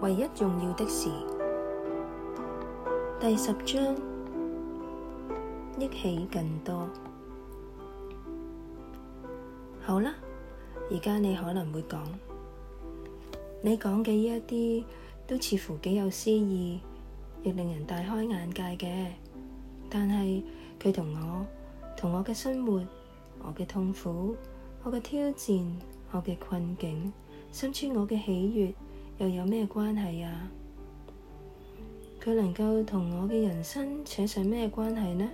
唯一重要的事，第十章，憶起更多。好啦，而家你可能會講，你講嘅呢一啲都似乎幾有詩意，亦令人大開眼界嘅。但係佢同我，同我嘅生活，我嘅痛苦，我嘅挑戰，我嘅困境，甚至我嘅喜悅。又有咩關係啊？佢能夠同我嘅人生扯上咩關係呢？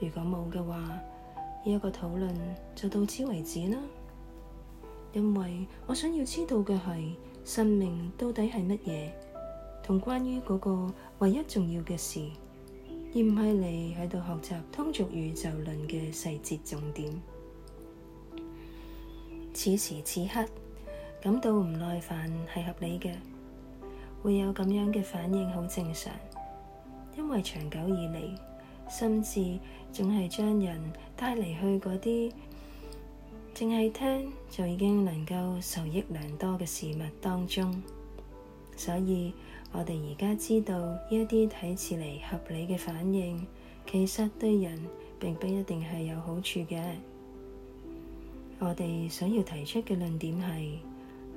如果冇嘅話，呢一個討論就到此為止啦。因為我想要知道嘅係生命到底係乜嘢，同關於嗰個唯一重要嘅事，而唔係你喺度學習通俗宇宙論嘅細節重點。此時此刻。感到唔耐煩係合理嘅，會有咁樣嘅反應好正常，因為長久以嚟，心智仲係將人帶嚟去嗰啲淨係聽就已經能夠受益良多嘅事物當中。所以，我哋而家知道呢一啲睇似嚟合理嘅反應，其實對人並不一定係有好處嘅。我哋想要提出嘅論點係。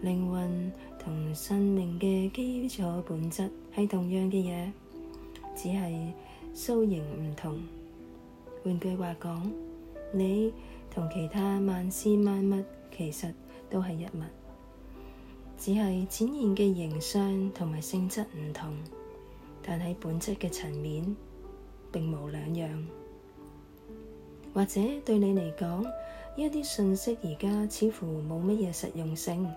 靈魂同生命嘅基礎本質係同樣嘅嘢，只係素形唔同。換句話講，你同其他萬事萬物其實都係一物，只係展現嘅形相同埋性質唔同，但喺本質嘅層面並無兩樣。或者對你嚟講，呢一啲信息而家似乎冇乜嘢實用性。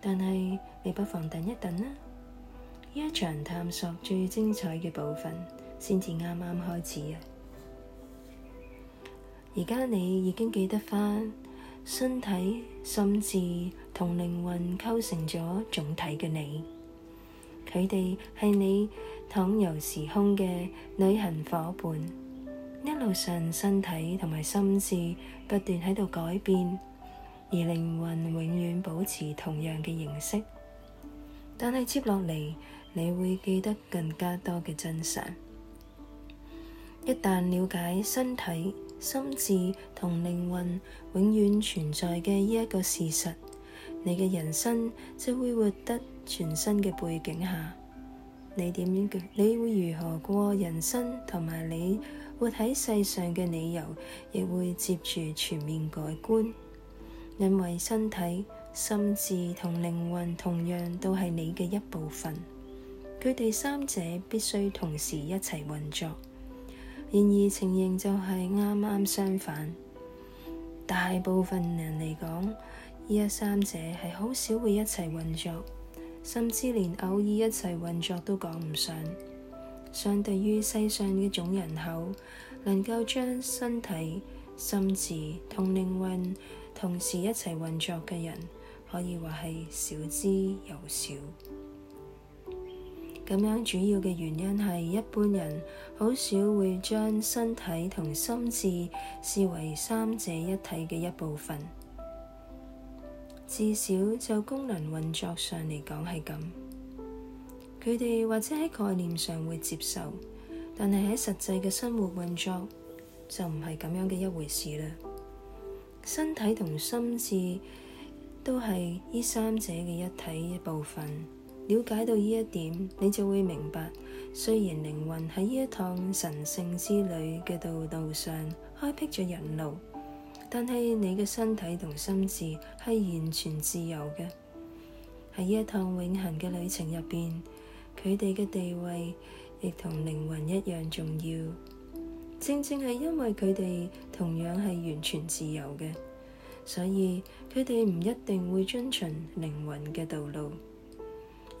但係你不妨等一等啦，呢一場探索最精彩嘅部分先至啱啱開始啊！而家你已經記得翻身體、心智同靈魂構成咗總體嘅你，佢哋係你躺遊時空嘅旅行伙伴，一路上身體同埋心智不斷喺度改變。而靈魂永遠保持同樣嘅形式，但係接落嚟你會記得更加多嘅真相。一旦了解身體、心智同靈魂永遠存在嘅呢一個事實，你嘅人生就會活得全新嘅背景下，你點樣你會如何過人生，同埋你活喺世上嘅理由，亦會接住全面改觀。認為身體、心智同靈魂同樣都係你嘅一部分，佢哋三者必須同時一齊運作。然而情形就係啱啱相反，大部分人嚟講，依家三者係好少會一齊運作，甚至連偶爾一齊運作都講唔上。相對於世上嘅總人口，能夠將身體。心智同靈魂同時一齊運作嘅人，可以話係少之又少。咁樣主要嘅原因係一般人好少會將身體同心智視為三者一體嘅一部分，至少就功能運作上嚟講係咁。佢哋或者喺概念上會接受，但係喺實際嘅生活運作，就唔係咁樣嘅一回事啦。身體同心智都係呢三者嘅一體一部分。了解到呢一點，你就會明白，雖然靈魂喺呢一趟神聖之旅嘅道路上開闢咗人路，但係你嘅身體同心智係完全自由嘅。喺呢一趟永恆嘅旅程入邊，佢哋嘅地位亦同靈魂一樣重要。正正係因為佢哋同樣係完全自由嘅，所以佢哋唔一定會遵循靈魂嘅道路。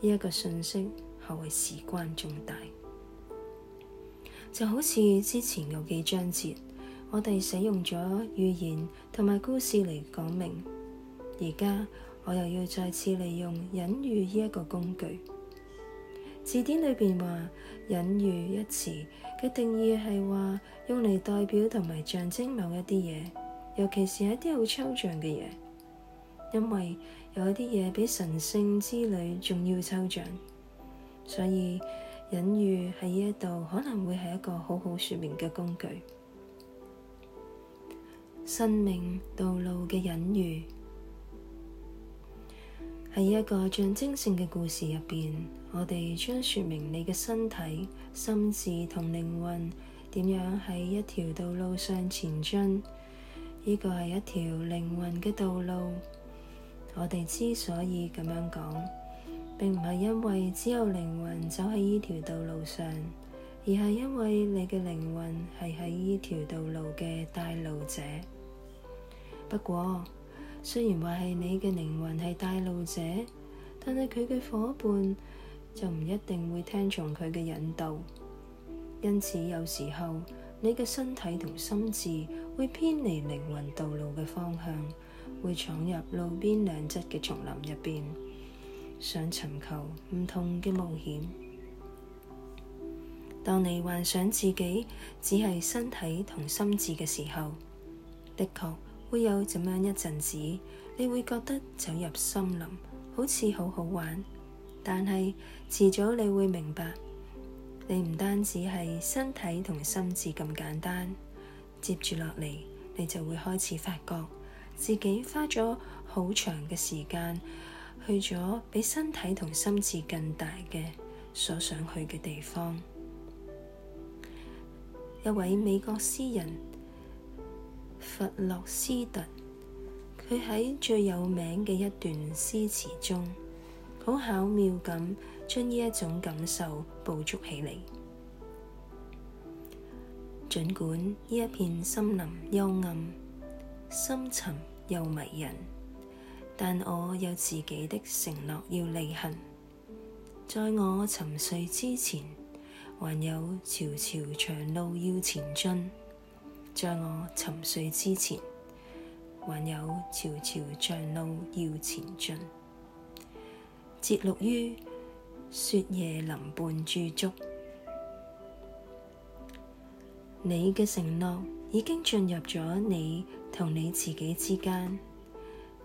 呢一個信息，可謂事關重大。就好似之前有幾章節，我哋使用咗預言同埋故事嚟講明，而家我又要再次利用隱喻呢一個工具。字典裏邊話，隱喻一詞嘅定義係話用嚟代表同埋象徵某一啲嘢，尤其是一啲好抽象嘅嘢。因為有一啲嘢比神聖之類仲要抽象，所以隱喻喺呢一度可能會係一個好好說明嘅工具。生命道路嘅隱喻喺一個象徵性嘅故事入邊。我哋將說明你嘅身體、心智同靈魂點樣喺一條道路上前進。呢個係一條靈魂嘅道路。我哋之所以咁樣講，並唔係因為只有靈魂走喺呢條道路上，而係因為你嘅靈魂係喺呢條道路嘅帶路者。不過，雖然話係你嘅靈魂係帶路者，但係佢嘅夥伴就唔一定會聽從佢嘅引導，因此有時候你嘅身體同心智會偏離靈魂道路嘅方向，會闖入路邊兩側嘅叢林入邊，想尋求唔同嘅冒險。當你幻想自己只係身體同心智嘅時候，的確會有咁樣一陣子，你會覺得走入森林好似好好玩。但係，遲早你會明白，你唔單止係身體同心智咁簡單。接住落嚟，你就會開始發覺自己花咗好長嘅時間，去咗比身體同心智更大嘅所想去嘅地方。一位美國詩人，弗洛斯特，佢喺最有名嘅一段詩詞中，好巧妙咁將呢一種感受捕捉起嚟。儘管呢一片森林幽暗、深沉又迷人，但我有自己的承諾要履行。在我沉睡之前，還有迢迢長路要前進。在我沉睡之前，還有迢迢長路要前進。記錄於雪夜林畔駐足，你嘅承諾已經進入咗你同你自己之間。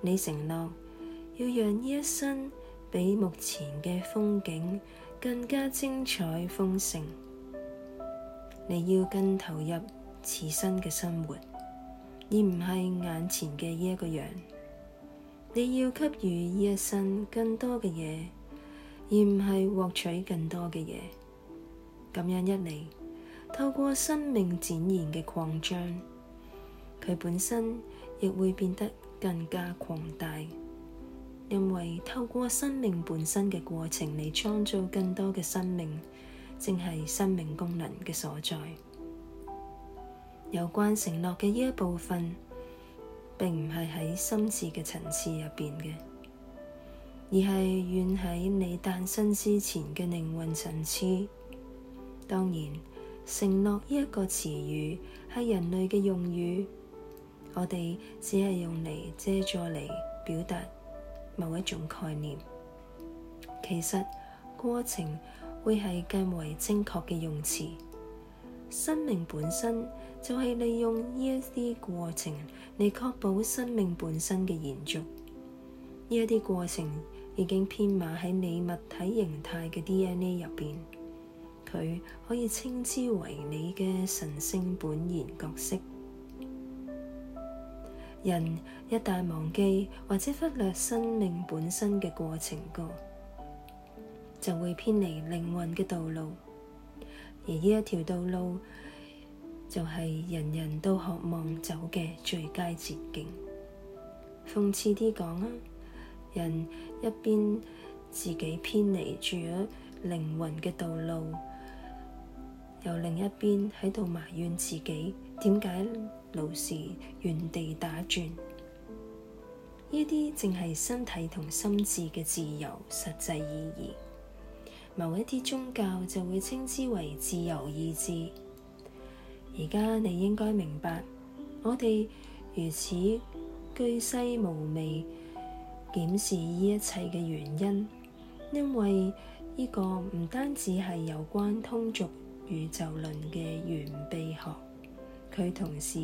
你承諾要讓呢一生比目前嘅風景更加精彩豐盛，你要更投入此生嘅生活，而唔係眼前嘅呢一個樣。你要給予呢一生更多嘅嘢，而唔係獲取更多嘅嘢。咁樣一嚟，透過生命展現嘅擴張，佢本身亦會變得更加廣大。因為透過生命本身嘅過程嚟創造更多嘅生命，正係生命功能嘅所在。有關承諾嘅呢一部分，並唔係喺心智嘅層次入邊嘅，而係遠喺你誕生之前嘅靈魂層次。當然，承諾呢一個詞語係人類嘅用語，我哋只係用嚟借助嚟表達某一種概念。其實過程會係更為精確嘅用詞。生命本身就係利用呢一啲過程嚟，確保生命本身嘅延續。呢一啲過程已經編碼喺你物體形態嘅 DNA 入邊，佢可以稱之為你嘅神聖本然角色。人一旦忘記或者忽略生命本身嘅過程過，就會偏離靈魂嘅道路。而呢一條道路，就係人人都渴望走嘅最佳捷徑。諷刺啲講啊，人一邊自己偏離住咗靈魂嘅道路，又另一邊喺度埋怨自己點解老是原地打轉？呢啲正係身體同心智嘅自由實際意義。某一啲宗教就會稱之為自由意志。而家你應該明白，我哋如此鉅細無遺檢視呢一切嘅原因，因為呢個唔單止係有關通俗宇宙論嘅玄秘學，佢同時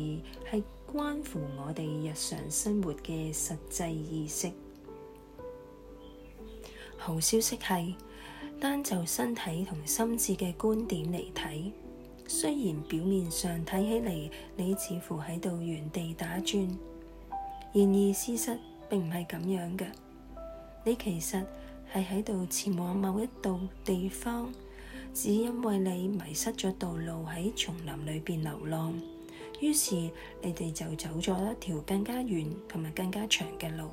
係關乎我哋日常生活嘅實際意識。好消息係。單就身體同心智嘅觀點嚟睇，雖然表面上睇起嚟你似乎喺度原地打轉，然而事實並唔係咁樣嘅。你其實係喺度前往某一度地方，只因為你迷失咗道路喺叢林裏面流浪，於是你哋就走咗一條更加遠同埋更加長嘅路。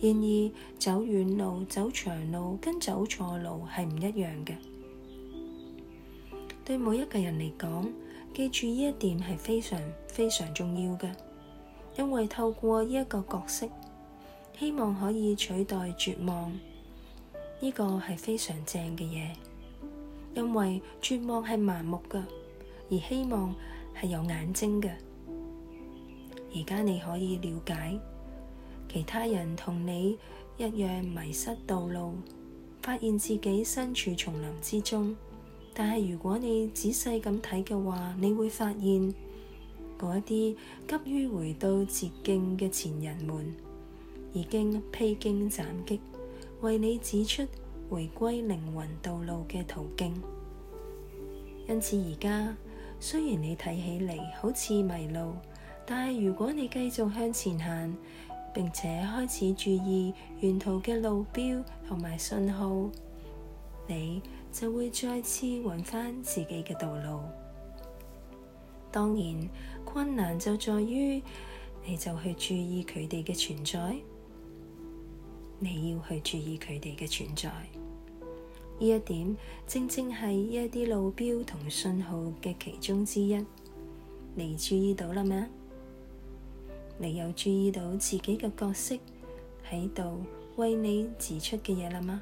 然而，走遠路、走長路跟走錯路係唔一樣嘅。對每一個人嚟講，記住呢一點係非常非常重要嘅，因為透過呢一個角色，希望可以取代絕望，呢個係非常正嘅嘢。因為絕望係盲目嘅，而希望係有眼睛嘅。而家你可以了解。其他人同你一樣迷失道路，發現自己身處叢林之中。但係，如果你仔細咁睇嘅話，你會發現嗰啲急於回到捷徑嘅前人們已經披荊斬棘，為你指出回歸靈魂道路嘅途徑。因此，而家雖然你睇起嚟好似迷路，但係如果你繼續向前行，並且開始注意沿途嘅路標同埋信號，你就會再次搵翻自己嘅道路。當然困難就在於，你就去注意佢哋嘅存在。你要去注意佢哋嘅存在，呢一點正正係呢一啲路標同信號嘅其中之一。你注意到了咩？你有注意到自己嘅角色喺度為你指出嘅嘢啦嗎？